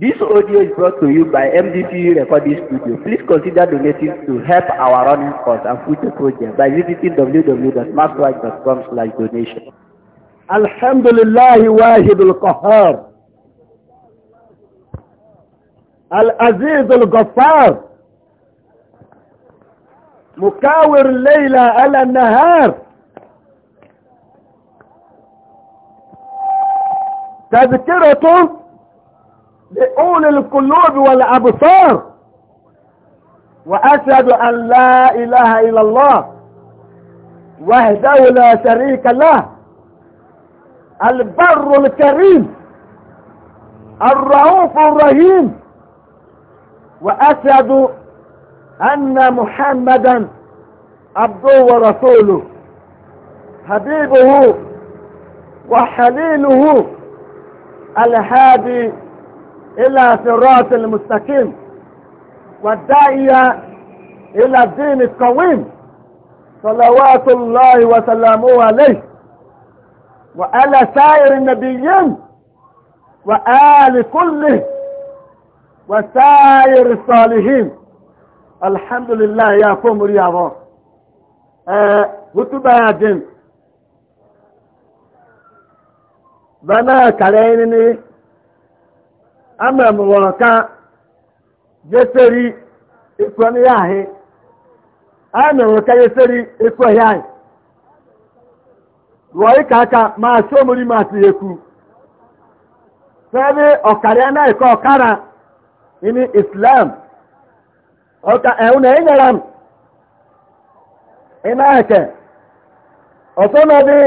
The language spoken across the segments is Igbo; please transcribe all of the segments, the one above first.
This audio is brought to you by MDPU Recording Studio. Please consider donating to help our running costs and future projects by visiting www.maskwatch.com slash donation. الحمد لله واحد القهار العزيز الغفار mukawir الليل al النهار tazkiratun. لأولي القلوب والأبصار وأشهد أن لا إله إلا الله وحده لا شريك له البر الكريم الرؤوف الرحيم وأشهد أن محمدا عبده ورسوله حبيبه وحليله الهادي إلى صراط المستقيم والداعية إلى الدين القويم صلوات الله وسلامه عليه وعلى سائر النبيين وآل كله وسائر الصالحين الحمد لله يا قوم رياضة هتبا آه، يا جن بنا كلينني ama m wọrọ ka yeseri ekwe ne ya ahị ama m ka yeseri ekwe ya ahị wọrị ịka aka ma asọ mori ekwu asị eku sẹbi ọkari anaghị ka ọkara ịnị islam ọka ẹwụ na enyere m ịna eke ọsọ na ọdị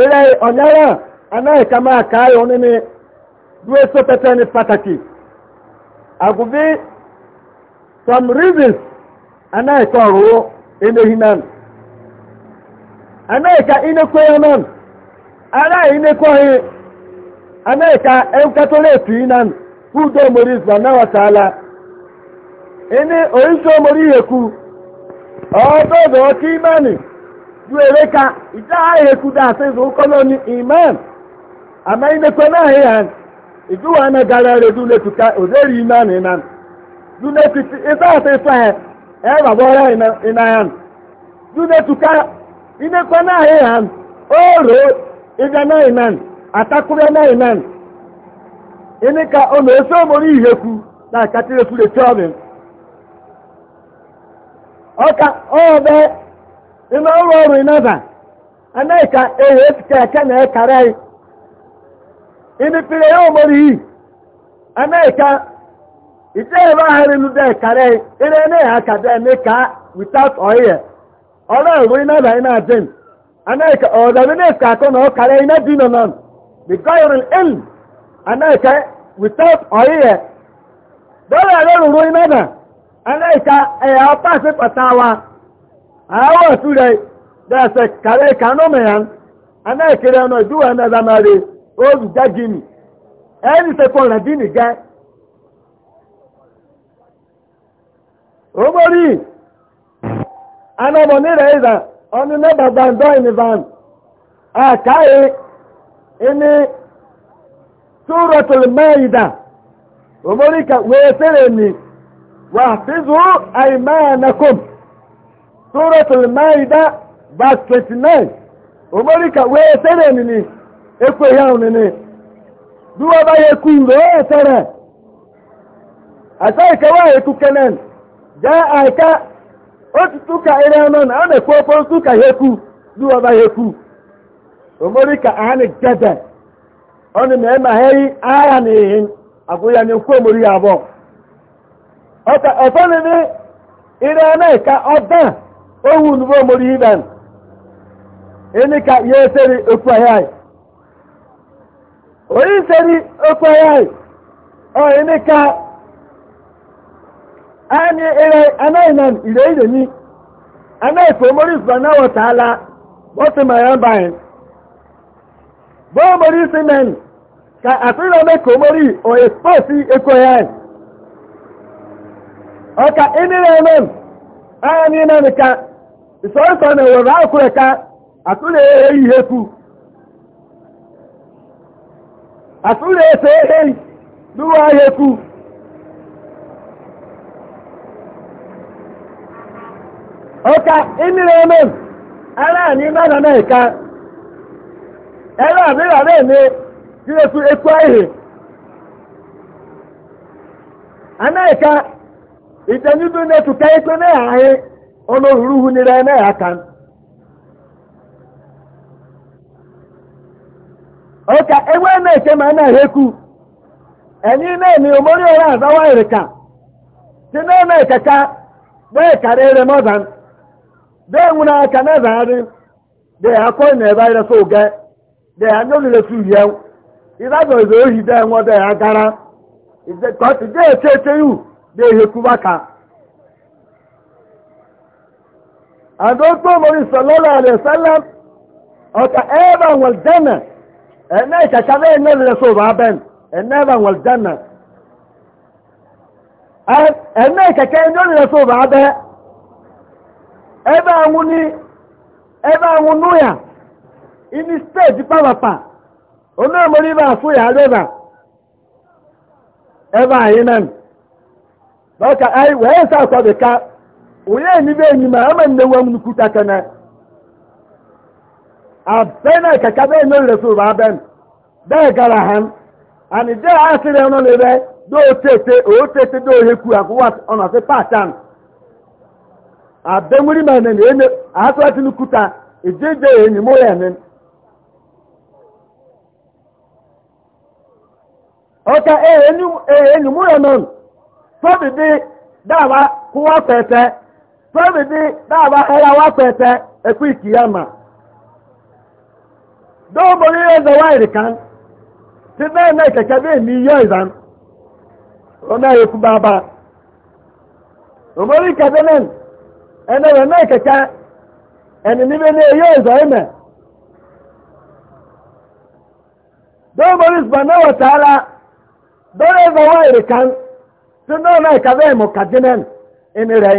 ire ọnyere anaghị ka ma aka ya onini. du esopetara n'esipataki agubi some reasons anaegha oghụghụ anaghị nanụ anaegha inekwe ya nọ nụ ara ya inekwe ghi anaegha egwu katọlipụ ịnọ nụ bụ ụdị omori ịzụ anaghị ọcha ala ịnị o iso omori ya ekwu ọ dịghịzị ọ ka imanụ jụọ ere ka ija agha ekwu dị asị n'ụkọ nọ na agha ijuwa na gara re dule tuka ozeri ina ni nan dule titi isa ta isa he e ba bora ina ina yan dule tuka na he han oro ija na inan atakure na inan ine ka ono eso mori na katire fule chobe ọrụ ọrụ anaghị ka imipire ya omori yi amerika ite ebe ahịrị nu de kare ire ne ya ka de ne ka without oil ọla ewu ina da ina dim amerika ọdabi ne ka akọ na ọkara ina di na nọ the goyal ill amerika without oil dọla ya ruru ina da amerika ẹyà ọpa sí pàtàwà obi jagini ẹni sẹpọn rẹ bí nìgẹ omori anọmọ nílẹ ìzà ọni mẹba gbàndọ ìnìvan àkáyé ẹni túrọtùlù mẹyìdà ka wèé sẹrẹ ni wà fízu àìmáyà nàkóm túrọtùlù mẹyìdà 29. twenty ka wèé sẹrẹ ni. ekwe ya onene duwa ba ye ku ro etere eh, asa ka eku ye ku kenen otu aika otutu ka ire no na na ku opo su ka ye ku duwaba ba ye omori ka ani gede oni me ma hei aya ni hin ya na ku omori abo ota ofani ni ire na ka odan owu nu omori iben ịnị ka ihe ye seri oku ya. oyi seri okpere oyi nika ani ire anaghị na ire ire ni anaghị ka omori isuba na bụ bọtụ ma ya baghị bụ ụmụrụ isi men ka asịrị ome ka o ekposi ekwo ya ọka n'ime ka isọrịsọ na asụrụ ese ehi n'ụwa ahịa ekwu ọka ịmịrị eme ara anyị nara na ịka ere abịra na-eme jiresu ekwu ahịa anaghịka ite n'ibu na-etuka ikpe na-ahị ọnụ ruruhu n'ire na-aka ọka ewe na-eke ma na-eheku enyi na-emi omori ọrụ azawa erika si na-eme ekeka dee karịrị mọzan dee nwụrụ aka na-azagharị dee akwọ na ebe ayịrịsị ụge dị anya olile su yie ịzazọ izo ohi dị dee nwa dee agara kọtụ dee eche eche ihu dee eheku ka. adó tó omori sọlọ́lá alẹ́ sálám ọka ebe anwal jana ene ikaka na ene lere so aben ben ene ba wal janna ene ikaka ene lere so ba abe ebe anwu ebe anwụnụ nu ya ini stage papa, onye mori ba fu ya leba ebe ayi nan baka ai we sa kwa de ka uye ni be ma ama nne wa mu kuta kana abena kaka bee nye resul ba ben bee gara ha ani de asịrị ọnụ lebe do tete o tete do ihe kwu akwụkwọ ọ na sị patan abenwuri ma ne ne asịrị atụ n'ukuta ejeje enyi mụ ya ne ọka enyi e, enyi e, mụ ya nọ sọbi dị daba kụwa pete sọbi dị daba ẹra wa pete ekwu ikiyama. dóòbòrí ẹ̀zẹ̀ wáìrì kan tí bẹ́ẹ̀ náà kẹ̀kẹ́ bí èmi yọ ìzàn ọ̀nà èkú bàbá òmórí kẹ̀kẹ́ náà ẹni rẹ̀ náà kẹ̀kẹ́ ẹni níbi ní yọ ìzọ̀ ẹ̀mẹ̀ dóòbòrí sùpàná wọ̀tàlá kan tí náà náà kẹ̀kẹ́ bẹ́ẹ̀ mọ̀ ẹni rẹ̀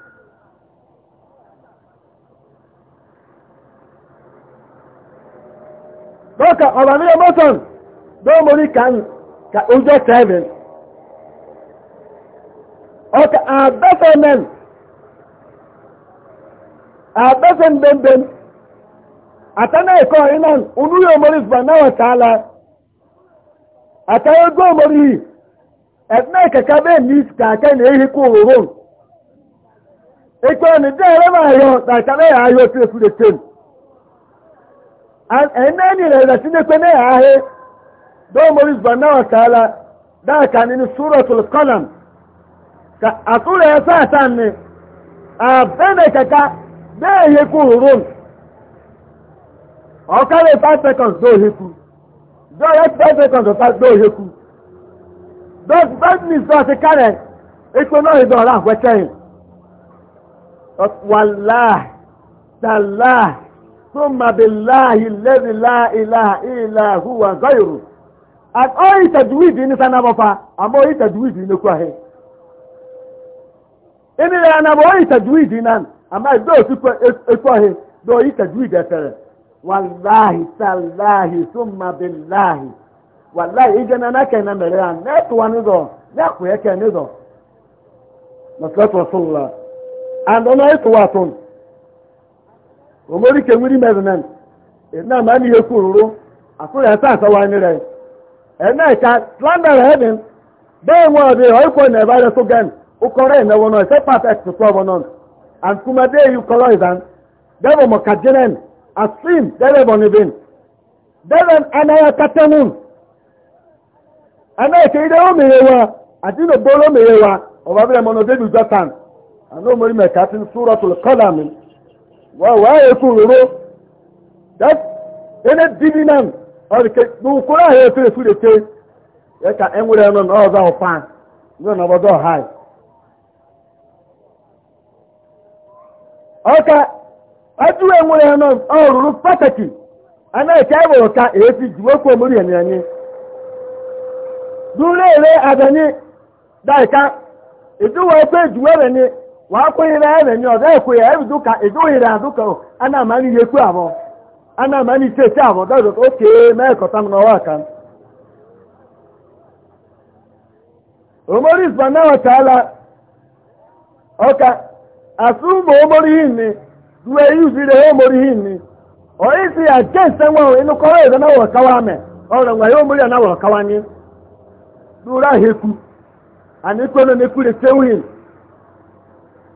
dọ́kà ọ̀rọ̀ ní ọmọ́sàn dọ́mọ̀rí ka ojú seven ọkà àbẹ́fẹ́mẹ́n àbẹ́fẹ́m bẹ́mbẹ́m àtàná ẹ̀kọ́ iná onúrí ọmọrí fúnnáwà tààlà àtàwọn ogún ọmọrí ẹ̀tná ìkẹ̀kẹ́ bẹ́ẹ̀ ní ka ni na ene ni rẹ̀ tinekwe ne ya ahị domori subhanahu wa ta'ala da ka ni suratul qalam ka asura ya sa ta ni abene kaka de ye ku run o ka le 5 seconds do he ku do 5 seconds do pass do he ku do bad ni so se kare iko no he do ra kwechen ثم بالله الذي لا إله إلا هو غيره at all tajwid ni sana bafa amma oyi tajwid ne kwa ini ya na bo nan amma do do yi tajwid ya wallahi tallahi thumma billahi wallahi ijana na kai na mere an na to do na ku yake ne do and ona etuwa omori ke nwiri mezinan ina e ma ni yeku ruru akuri asa asawa ni re ena e ka slander heaven dey wa be hoy e ko ne bare so gan o na wono se perfect to so and kuma debo mo kajenen asim debo ni ke ide o mere wa ati no bolo mere wa o no omori wàá èso òróró ene dibi nam ọdịke n'ukoro ahụ efere efu deke ya ka enwere nọ n'ọzọ ahụ nọ n'obodo ọha ọka adịghị enwere nọ ọrụrụ pataki anaghịkwa ka efi ji omori ya anyị ere daika anyị na ebe nye ọzọ ekwe ya ebido ka edoghịrị azụ ka ana amara ihe ekwe abụọ ana amara ite ete abụọ dọzọ ka oke mekọta m n'ọwa aka omori isbana ọchaala ọka asụ ụmụ omori hinni duwe yuzire ha omori hinni onye isi ya jense nwanwe ịnụkọrọ ezo na ụwa kawa me ọrụ nwa ya omori ya na ụwa kawanye dura ha ekwu anyị na na ekwure tewuhin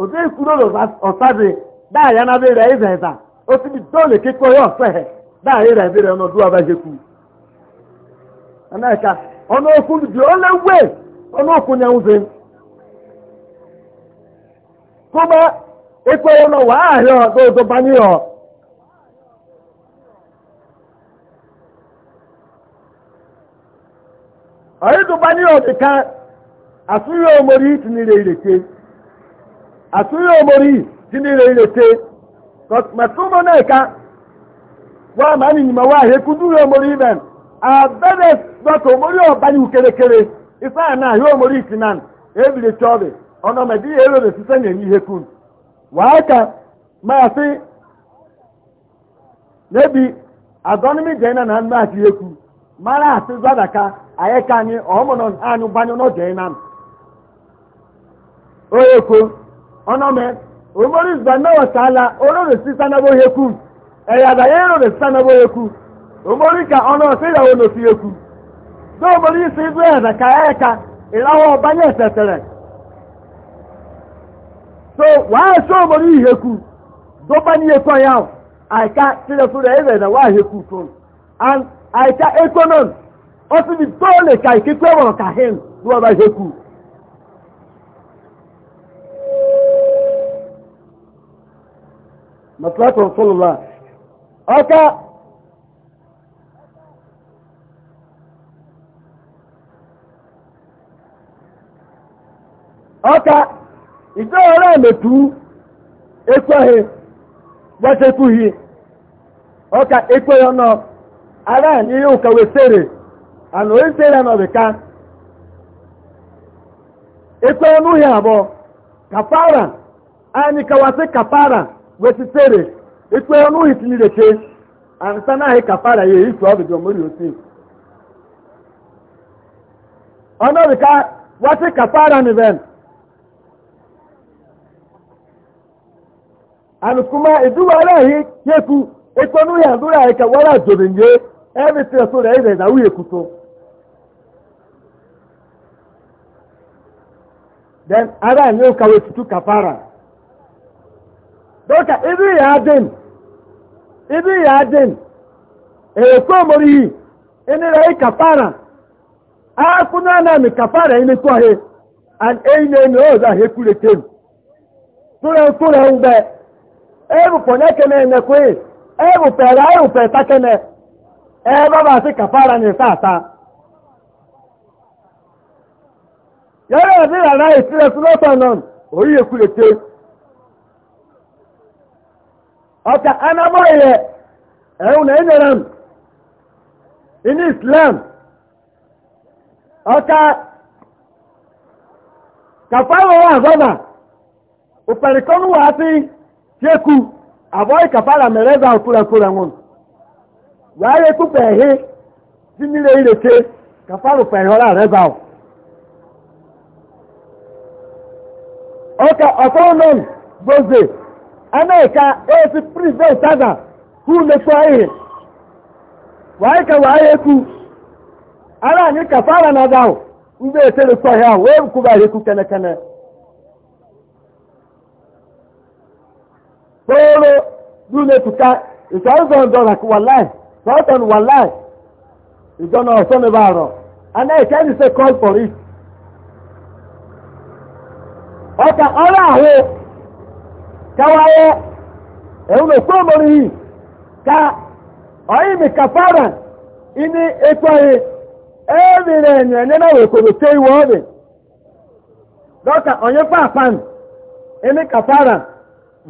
òtún ìkúrò ọ̀sáde dáàyà náà bẹ̀rẹ̀ ìzẹ̀ ẹ̀dà ó ti di dọ́ọ̀lù kíkọ́ yọ ọsọ dáàyà rẹ̀ bẹ̀rẹ̀ ọmọ ọdún ọba ṣekú. ẹ̀ka ọ̀nà òkú di ó léwé ọ̀nà òkú ni ẹ̀hún ṣe. kó bá ikú ẹ̀yọ wàá ọ̀dọ́ bá ní ọ̀. bá ní ọmọ rí asụrụ omori dị n'ire irete masụmọ na-eka wa ma anyị nyima wa ahịa kuduru omori iben abede dọta omori ọbanye ukerekere ife a na-ahịa omori itinan ebile chọbi ọnọmedi ya erere site na-enye ihe kun waa ka maasị n'ebi agọnimi jena na anụ ahịa ihe kun mara asị zadaka ayeka anyị ọmụnọ anyị gbanye n'ọjọ ịnan oye kwuo ọnọmẹ omori zanawa taala olórí sísá náwó yeku ẹ̀yàdà yẹn lórí sísá náwó yeku omori ka ọ̀nà ọ̀sẹ̀yàwó lòsí yeku tó omori sí ibú ẹ̀dà ká ẹ̀ka ìlàwọ̀ ọba yẹn tẹ̀tẹ̀rẹ̀ so wàá ṣó omori yeku dọ́gba ní yeku ọ̀yà o àìká sílẹ̀ fún rẹ̀ ẹ̀rẹ̀ wàá yeku tó and ka masalatu rasulullah ọka ọka ìjọ ọrẹ mẹtù ekweghi gbachekwuhi ọka ekweghị ọnọ ara n'ihe ụka wesere ana onye sere n'ọbịka e ekweghị uhie abụọ kapara anyị kawasị kapara wetitere ikpe ọnụ itinirete ansa naghị kafara ya isu ọbịbịa omori osi ọnọbịka wati kafara niven alukuma iduwara yi yeku ikpe ọnụ ya ndụrụ anyị ka wara jorinye ebe tiri ọsọ rẹ ire ìdáwó ekuto then ara ni ka wetutu tutu kafara. dọka ebe ya adị m ebe ya adị m ekwe omorihi enere kapara akwụna anamị kapara imekwa e ha an enye enye ọzọ ahụ ekwure m tụrụ mkpụrụ mgbe ebupụ onye kene enyekwe ebupere e ebupere takene ebe ba asị kapara na-efe ata yọrọ ebe rara esi sụlọtọ nọ oyi ekwure tem ọ̀tà anábọ̀ ilẹ̀ ẹ̀hùn nàìjíríà inú islam ọ̀tà kàfáwọ̀ wà zọ́nà òpèrìkọ́nù wà sí jẹ́kù àbọ̀ ìkàfàrà mẹ̀rẹ́zà òkúrakúra wọn wáyé kúpẹ̀ ẹ̀hí sí nílé ìrèké kàfàrà òpèrìkọ́nù rẹ̀zà Amerika esi Prince Utaza hụ lekwa ihe wee ka wee ekwu ara anyị ka fara na adahụ ndị etere kwa ahụ wee kwuba ihe ekwu kenekene kpọrọ dunetuka ìtọ́ ọ̀sọ̀ ọ̀dọ̀rọ̀ wàláì sọ́ọ̀tọ̀nù wàláì ìjọ́nà ọ̀sọ́ ní bá rọ̀ and I can say call for it ọka ọrụ ahụ. káwáyé ẹ̀hún òkú òmòrì yìí ká ọ̀yìn mi kàfàrà ìní ètò ayé ẹ̀ẹ́dì rẹ̀ ẹ̀yìn ẹ̀yìn náà òkòrò tẹ́ ìwọ̀ ọ̀dẹ̀ dọ́kà ọ̀yẹ́ fàfàn ìní kàfàrà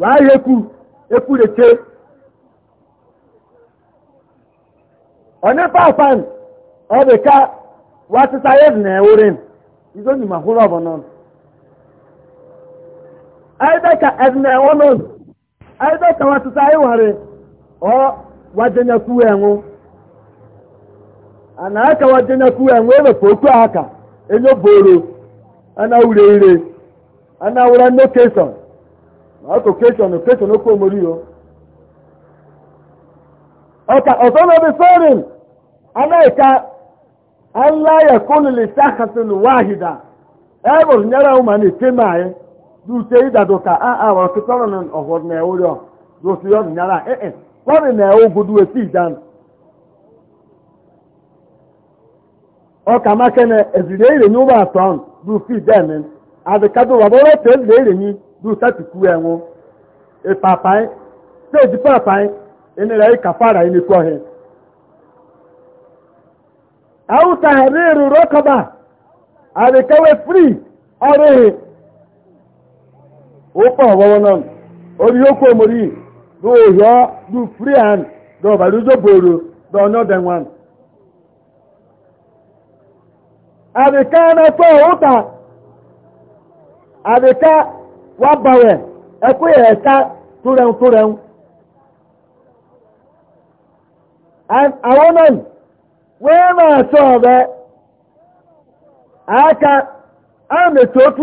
wàá yẹ kú ekú lè tẹ́ ọ̀yẹ́ fàfàn ọ̀dẹ̀ wàá ti sáyé ẹ̀dì náà ẹ̀wọ̀rẹ̀ ìzọ́nyìmọ̀ àhúrọ̀ ọ̀bọ̀ náà aidha ka edna wonon aidha ka watuta ai ware o wajenya kuwengu ana aka wajenya kuwengu ebe poku aka enyo boro ana ure ire ana wura no keson ma ko keson keson okwo mori yo oka osono bi sorin anaika an la yakunu li shakhsin wahida ebo nyara umani temaye dute idado ka a a wa kitoro nan ohor na ewo do si yo nyara eh eh na ewo gudu esi dan o ka ma kene ezire ire nyu ba ton du fi den ade kado wa bo te ezire ire du ta ti ku enwo e papai anyị di papai ene ra kafara ene ko he au tahriru rokaba ọrụ kawe free ụkọ ọgbọgbọ nọ okwu omori do ohio free hand do ọbaruzo boro northern one. àbíká ẹnẹtọ ọta àbíká wà bàwẹ ẹkú yẹ ẹka túrẹun túrẹun. àwọn náà wọ́n máa sọ ọ̀bẹ àáka àmì bụ otu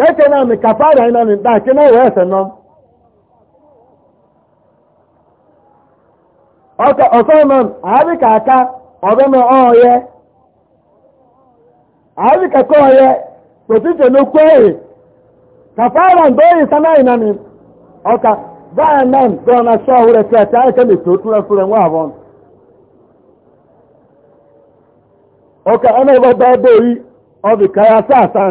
dẹ́kẹ́ náà mi kàfàdà iná ni dákí náà wẹ́ ẹ̀sẹ̀ náà ọkọ̀ ọ̀sọ́mọ̀n àáríkà aka ọ̀bẹ́mọ̀ ọ̀ọ̀yẹ́ àáríkà kọ́ ọ̀yẹ́ pẹ̀tùtù ní kwẹ́rì kàfàdà ń bẹ́ẹ̀rì sáná iná ni ọkà báyà náà gbọ́n na sọ ọ̀húrẹ̀ sí ẹ̀tẹ́ àìkẹ́ mi tó túnrẹ̀ na wọ́n àwọn ọkà ọ̀nà ìbọ̀dọ̀ ọdọ̀ yìí ọbì kàyà sáà sáà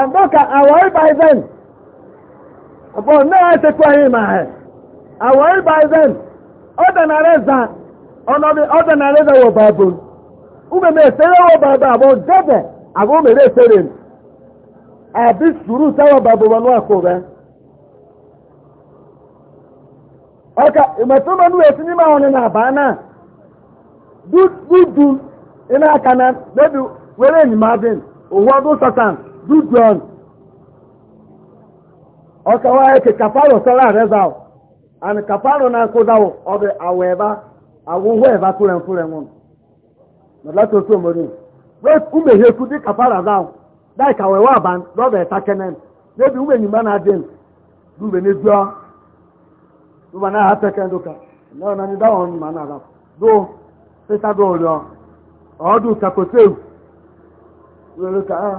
àbọ́kà àwọn ìbá ìzẹ́n ọ̀pọ̀ náà ṣe kú ẹ̀yìn máa ẹ̀ àwọn ìbá ìzẹ́n ọ̀dẹ̀nàrẹ́ ọ ọ̀nọ́bí ọ̀dẹ̀nàrẹ́ zà wọ̀ bàbùn umeme esere wọ̀ bàbà àbọ̀ gẹ́gẹ̀ àgọ́ mèrè esere àbí sùúrù sáwọ̀ bàbùn wọn wà kó rẹ̀ ọkà ìmọ̀túnmọ̀nú èsì ní máa ọ̀nà àbá náà dúdú iná kaná lẹ́bi dùdùn ground wa eke kí kàfàrọ̀ sọ́ra rẹ̀ zà ọ́ àni kàfàrọ̀ náà kó dáwọ̀ ọbẹ̀ àwọ̀ ẹ̀bá àwòwọ̀ ẹ̀bá tó rẹ̀ ń fúnra wọn nàdá tó tó mọ̀ ní wọ́n kúmẹ̀ yẹ kú dí kàfàrọ̀ zà na dáì kàwé wà bàn lọ́bẹ̀ ẹ̀ta kẹ́nẹ́ níbi wúmẹ̀ nyìmá náà na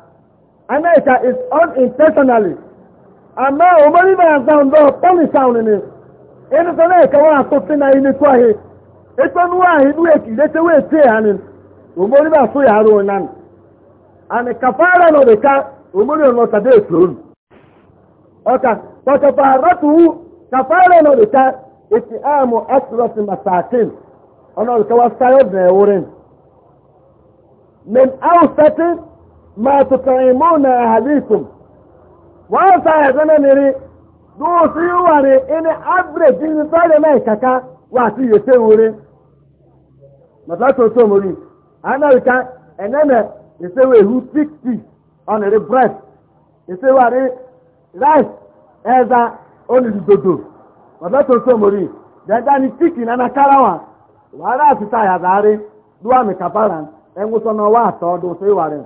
America is unintentionally. Àmọ́ òmórí máa dáhùn lọ pọ́nìṣàwọn ni. Inú tó náà kẹwàá àtúntí náà inú tó àhẹ. Ètò inú àhẹ inú èkì létí wé tí èhà ni. Òmórí máa fún ìyàrá òun náà. Àmì kàfàárà náà lè ká òmórí òun ọ̀tà dé ètò òun. Ọkà pọ̀tọ̀pọ̀ àrọ́tùwú kàfàárà náà lè ká ètì àmù ẹ̀sìrọ̀sì màsàkìn. Ọ̀nà òkèwà sáyọ̀ bẹ̀rẹ̀ wúrin. Mẹ̀m ما تطعمون أهليكم وأنسى يزنى نري دو سيواني إن أبرد دين بالي ما يكاكا واتي يسيوري مثلا تسومري أنا لكا إننا يسيوي هو 60 on breast rice ni wàhálà àti kàbárà wà àtọ́ sí rẹ̀.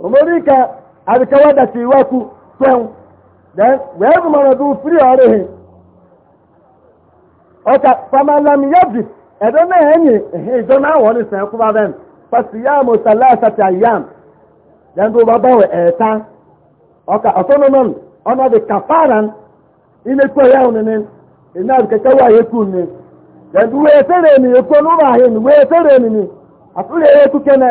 omorika abikawa dachi iwaku kwen then wee zụmara du fri fama ọka famalam yabi edo na enyi ijo na awọ ni sẹ kwụba bẹm fasiyamu salasati ayam then do eta ọka ọtọnọmọn ọna dị kafaran inekwe ya unene ina abikawa yeku wee ekwe wee ya yeku kene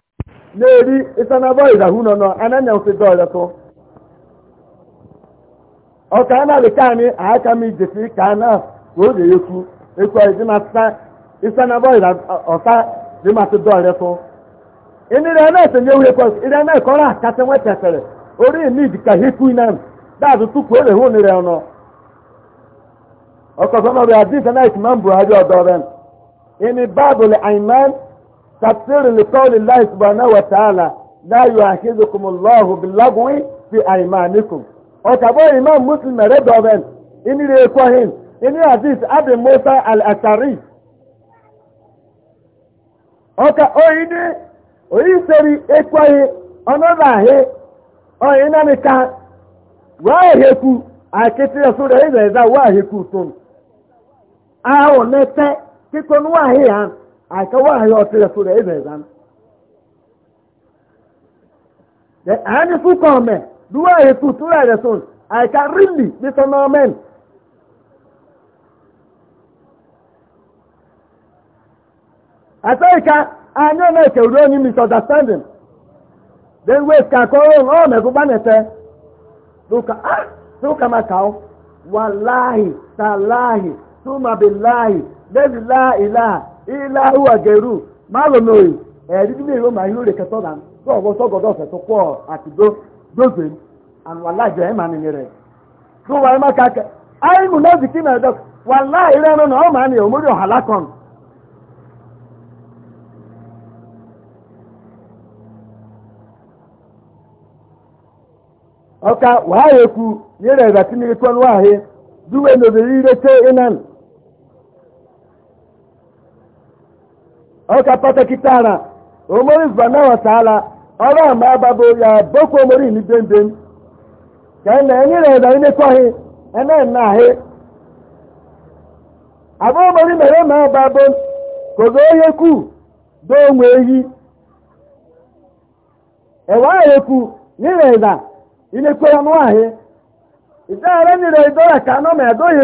na-eri isanabọ ịrahụ nọ nọ ananya ofedo ọlọtọ ọka a na-alịka anyị aka m ijesi ka a na oge ekwu ekwu anyị dị isanabọ ọta dị masị do ọlọtọ ịnịrị na-esenye uhe kọs ịrị na-ekọrọ akasị nwetasịrị ori nid ka hekwu na m daazụ tupu ore hụ nịrị ọnụ ọkọsọ nọrọ ya dị isa na-ekwu ma mbụ ajọ ọdọ ọrụ ịnị baịbụl aiman تفسير لقول الله سبحانه وتعالى لا يؤاخذكم الله باللغو في أيمانكم وكبر إمام مسلم ردوبن إني ليكوهن إني عزيز أبي موسى الأشعري ọka oyini oyiseri ekweghị ọnọdụ ahị ọyị nanịka wee heku akịtị ọsụrụ ịza ịza wee heku tum ahụ nete kikonu ahị ya aka ka ọtí rẹ̀ fún rẹ̀ ẹ̀ bẹ̀rẹ̀ zan. Àánì fún kàn mẹ́, dúwà ètò túrà rẹ̀ sùn, àìka rìlì ní sọ́nà misunderstanding. Then ka kọ́rọ̀ ọ̀hún ọ̀mẹ̀ fún bánẹ̀tẹ̀. Lóka, ah, lóka máa kà ó. Wàláhì, ilé ahu àgẹrù má lọ nà òyì ẹ̀rí dị èrò màá yóò rè kẹtọ́ nà sọ̀gọ́ sọ̀gọ́dọ̀ àwọn alájọ ẹ̀ máa tó wà má ayé wà láì máa òmórí ọ̀hálà kan. ọkà wàá yẹ tí mi kọ́ yẹ dúwẹ́ tẹ́ ọka pàtàkì tààrà omori vanáwà tààlà ọrụ àmà àbàbò ya boko omori ní dendem kẹ́nà ẹni rẹ̀ ẹ̀dà ilé kọ́hìn ẹ̀nà ẹ̀nà àhí omori mẹ̀rẹ̀ mà àbàbò kòzó onye kù dóònwé eyi ẹ̀wà àyẹ̀kù nílẹ̀ ẹ̀dà ilé kọ́ ọnú àhí ìdáhàrẹ́ nílẹ̀ ìdọ́rà kàánọ́ mẹ̀ omori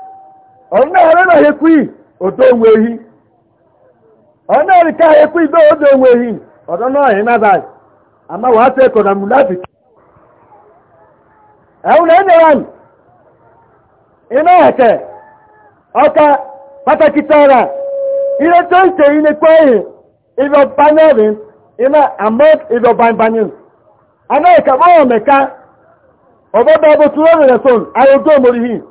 Ọ na hekwu yìí òtó onwe ehi Ọ na hekwu yìí dóò onwe ehi ọ̀dọ́ náà yìí náà báyìí àmà wàá sọ ẹ̀kọ́ nà múláàbì. ẹ̀hún náà ẹ̀nà wọn iná ẹ̀kẹ́ ọ̀ka pàtàkì tọ́ra ilé tó na tẹ̀ yìí ni na èyí ìbọn panẹ́ẹ̀rì iná àmọ́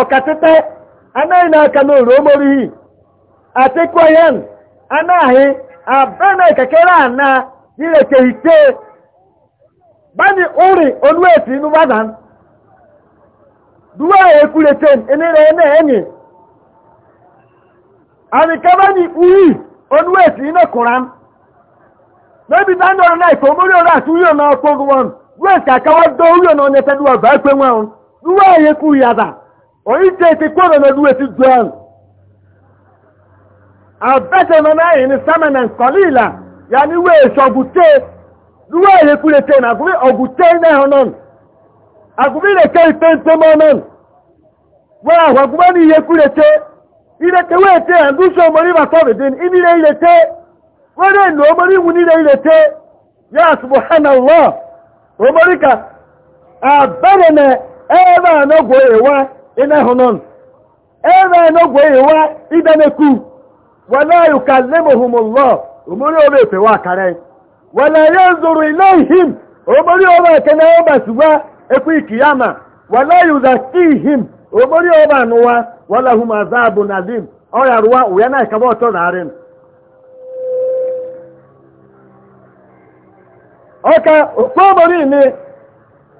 ọkatịta anaghị n'aka n'oru omorihi atịkwa ya anaghị abana kekere ana ireke ite bani uri onueti nubadan duwa enyi uri onueti inokuran lóbi bá ń dọ̀rọ̀ náà ìfọ̀ mórí ọ̀rọ̀ àti wíyọ̀ náà ọ̀pọ̀ wọn wíwẹ̀ kàkà wá dọ́ wíyọ̀ náà ọ̀nẹ́tẹ́dúwà bá pé wọn wíwẹ̀ ẹ̀yẹ́kú oiteke kwere na duweti duan abẹ́tẹ̀ na mẹ́rin ní sámẹ́nà ya ní wé èṣù ọ̀gùtẹ́ lúwẹ́ na tẹ́ ní àgúrí ọ̀gùtẹ́ náà náà àgúrí ìrẹ́kẹ́ ìfẹ́ tó mọ́ náà wee àwọ̀gúnmọ́ ní ìrẹ́kúrẹ́ tẹ́ ìrẹ́kẹ́ wé tẹ́ àgúṣọ́ mọ́rí bàtọ́ rẹ̀dín ìbílẹ̀ ìrẹ́tẹ́ wọ́n rẹ̀ lò ó mọ́rí wùn nílẹ̀ ìrẹ́tẹ́ yá subhanallah òmọ́ríkà àbẹ́rẹ̀ ina hunon ebe n'ogwe iwa ideneku wala yukallimuhum Allah umuri obe ifewa akare wala yanzuru ilaihim umuri obe ekene obe suwa ekwu ikiyama wala yuzakihim umuri obe anuwa wala hum azabun azim ọrịa ruwa uya na ikaba ọtọ zarin ọka kwomori ni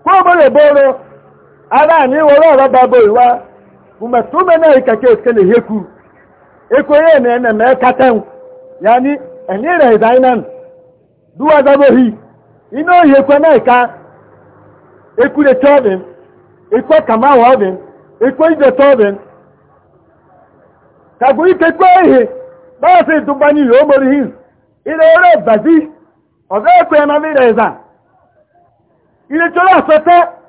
kwomori boro ara ni woro oro babo iwa kuma tume na ikake skele heku eko ye ne ne me katen yani eni re dainan duwa dabo hi ino ye kwa na ka eku le tobin ekwa kama wa obin ekwa ide tobin kagu ike kwa ihe ba se dubani yo mori hin ile ore bazi ọzọ ekwe na mi re za ile chola sote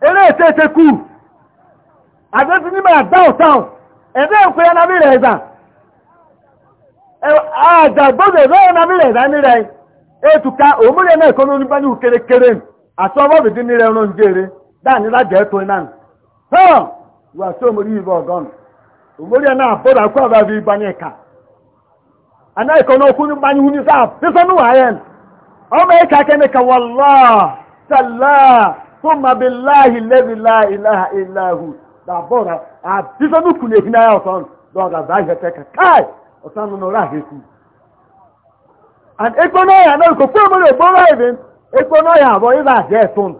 ere ètètè kù àgbẹ̀sí ní máa dá ọ̀tàn ẹ̀dẹ́ ìpè ẹnàbí rẹ̀ ẹ̀dà àjàgbọ́dọ̀ ẹ̀dẹ́ ẹnàbí rẹ̀ ẹ̀dà ní rẹ̀ ètùkà òmúrẹ̀ náà kọ́ lórí bá ní kérékéré àti ọmọbìdí ní rẹ̀ ọ̀run jèrè dáàní lájẹ̀ ẹ̀tọ́ iná hàn wà sí òmúrí ìbọ̀ ọ̀gọ́n òmúrẹ̀ náà bọ́dọ̀ akọ́ ọ̀bá bí bá ní ẹ̀ka àná ìkọ́ náà ka ثم بالله الذي لا إله إلا da bora a bisa nuku ne hina yau son da ga ka kai o no ra he ku an ya no ko ko mo le bo even ekono ya bo iba je sun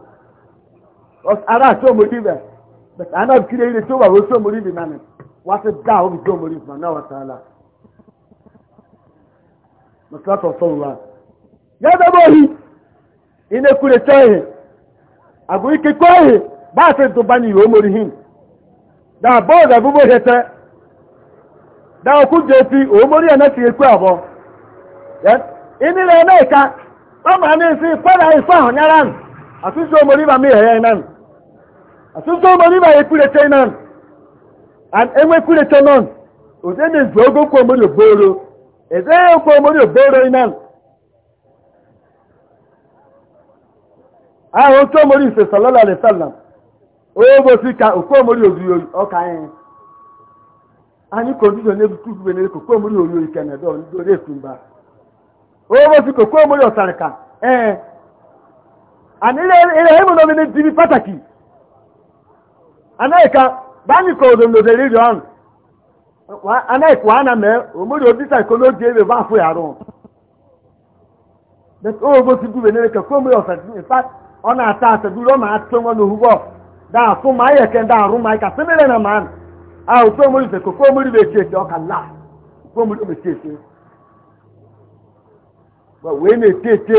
ara so mo but ana kire ile to ba wo so mo dibe nan wa se da o bi so mo na wa taala maslato sallah ya da bohi ine kure tayi agụ ikekwe ohi daasị dụbanye iwe omorihin da bọọdụ abụbọ hete da okwu jeti omori anaghị ekwe abụọ ịnịla eme ka ọma n'isi kwara ife ahụ nyara m asụsụ omori ma mmehie ya nan asụsụ omori ma ekwureche nan enwekwureche nan ozi na-ezu ogo okwu omori oboro eze okwu omori oboro nan ahụ otu omori ise salala alisalam onye ka okomori ozuyo ọka anyị anyị kondishon ebutu na eko okomori oyo ike na edo ndori etu mba onye ka okomori ọsara ka ee and ilẹ̀ ìmọ̀ náà dibi pàtàkì anáìka báyìí kò òdò lòdè iri ọnụ. anáìka wàá nà mẹ́ òmùrì ebe bụ afọ na ọ na-ata asa duru ma atụ nwa n'ohugo da ma eke ndị arụ ma na ma ahụ tụọ mori fe koko ọ ka laa koko wa wee na-eti eti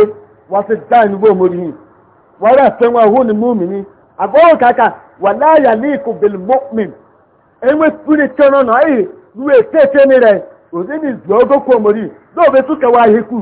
wasị daa n'ugbo omori hi wara nwa na mụ mini agụọ nke aka wala ya n'ịkụ enwe spirit na ihe ruo eti eti n'ire ozi na ogo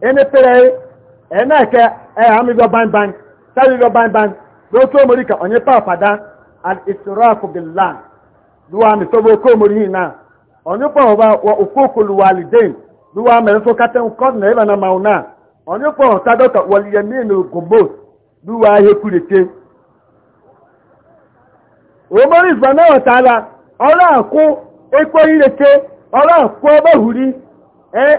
ene pere ene ke e ami go ban ban tawi go ban ban go to mori ka onye pa pada al israfu billah duwa mi so go ko mori na onye pa ba wa ukukul walidain duwa me so katen ko na eba na mauna onye pa ta do ka wal yamin gumbo duwa he kurete omori zbana wa taala ọrụ akwụ ekwe irete ọrụ akwụ ọgbahuri ee eh,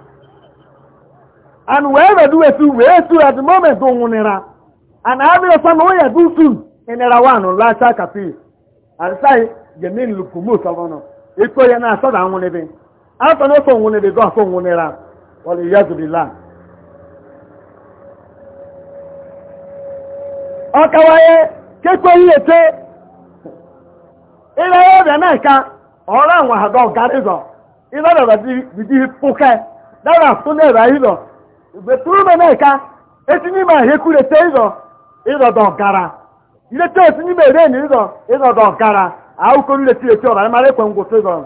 and wherever do esu wee su at the moment onwunira and every son wey do su enera one la cha kapi and sai gemin lukumu savono iko ya na so da onwunebe after no so onwunebe go so onwunira wal yazu billah okawaye kekwe ihe te ire ya ọbịa na-eka ọrụ anwụ ha dọ gara ịzọ ịzọ dọrọ dị dị pụke dara tụnere ahịlọ betụrụ na eka etinye ime ahụ ekwurete ịzọ ịzọdọ ọkara ilete etinye ime ere enyi ịzọ ịzọdọ ọkara ahụkọ nleti eti ọbara mara ekwe ngwụsị ịzọ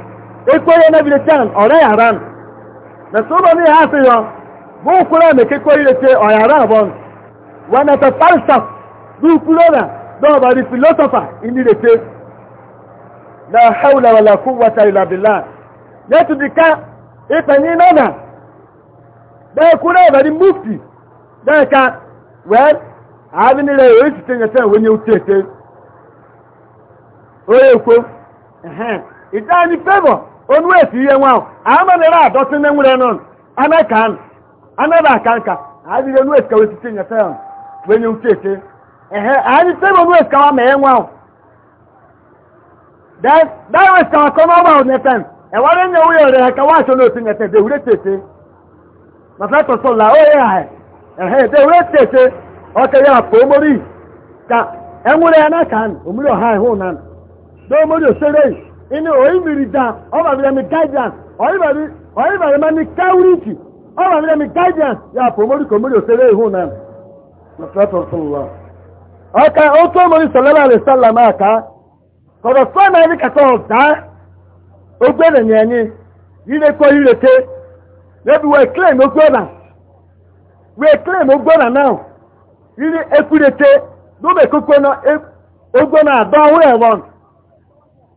ekwere na bile chan ọrịa yaran na sọba ni ha sị yọ bụ kwere na kekwere ilete ọyara abọn wana ta falsaf du kulona na di filosofa inilete la haula wala quwwata illa billah ne tu dika ipanyi nana na kwere na di mufti da ka well abin da yau yi cikin yasa wani wuce ce oye ko ìdáni fẹ́bọ̀ onu esi ihe nwa ahụ amanara adọtị nne nwere nọ anakan anaba aka nka adịghị onu esi kawa esite nyefe ya wee nye uche eke ehe anyị tebe onu esi kawa mee nwa ahụ daa esi kawa kọ n'ọgba ahụ nyefe ewere nye nwunye ore ha ka nwa achọ n'otu nyefe de wure tete masa tọsọ la oye ha ehe de wure tete ọka ya ka omori ka enwere ya n'aka omori ọha ihu na domori osere ini oyi miri da ọba bi mi guidance oyi ba bi oyi ba ma mi kawuriti ọba bi mi guidance ya pomori komori osere ihu na nasaratuntunla ọka otu omori sallallahu alaihi aka kọrọ sọ na ẹni kata ọda ogbe na nye yile kọ irete lebi we claim ogbe na claim ogbe na now yile ekurete koko na ogbe adọ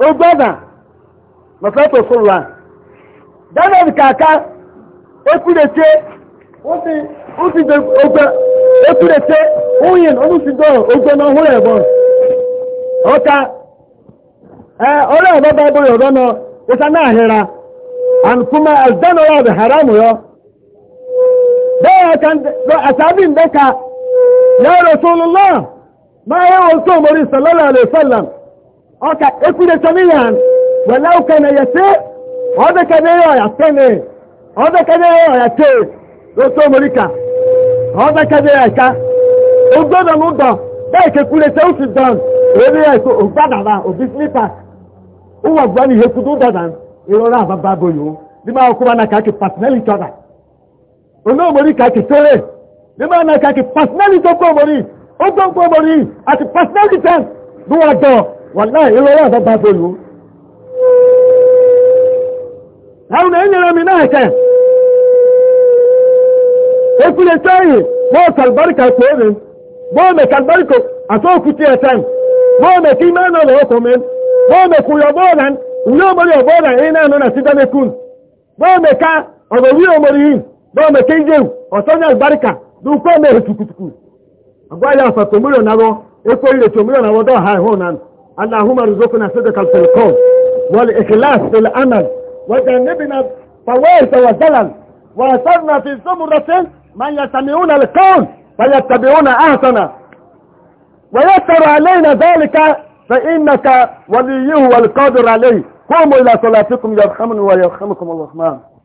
ogbaza masato daniel kaka aka osi osi de ogba ekurete oyin onusi do ogba na hore ebon oka eh ore baba bo no isa na ya da haramu ya rasulullah ma yawo so mori sallallahu alaihi wasallam ọkà ekwure sọmíyàn wẹ̀lá na ọ yẹ̀sẹ̀ ọ̀dẹ́kẹ́ ní ọ̀yà sẹ́mi ọ̀dẹ́kẹ́ ní ọ̀yà tẹ̀ lọ́sọ̀ mọ̀ríkà ọ̀dẹ́kẹ́ ní ẹ̀ka ogbódò ń dọ̀ bẹ́ẹ̀ kẹkure sẹ́ ó sì dàn èmi ẹ̀kọ́ ògbàdàlà òbí sílípà wọ́n gbọ́ ní ìhekú na kàkì pàtínẹ́lì na kàkì pàtínẹ́lì wàlá ìrọ̀lá àtọ́ta pẹ̀lú àwọn ènìyàn mi náà kẹ́ ekule sẹ́yìn wọ́n kalbarka kóòrè wọ́n mẹ́ kalbarka àtọ́kùtì ẹ̀tẹ́m wọ́n mẹ́ kí mẹ́nà lọ́kọ̀mẹ́ wọ́n mẹ́ kúyọ̀ bọ́ọ̀lán ìlú ọmọrí ọ̀bọ́ọ̀lá iná nínú sídánekún wọ́n mẹ́ ká ọ̀rọ̀wí ọmọrí yìí wọ́n mẹ́ kí ń jẹun ọ̀tọ́nyà albarka dúkọ́ mẹ́ tukutuku àgbáyà àfàtòmíràn náà ekó ilẹ̀ tòmíràn náà wọ́dọ̀ ha اللهم ارزقنا صدقا في القول والإخلاص في الأمل وجنبنا طويت وزلل واثرنا في زمرة من يستمعون القول فيتبعون أحسنه ويسر علينا ذلك فإنك وليه والقادر عليه قوموا إلى صلاتكم يرحمني ويرحمكم الرحمن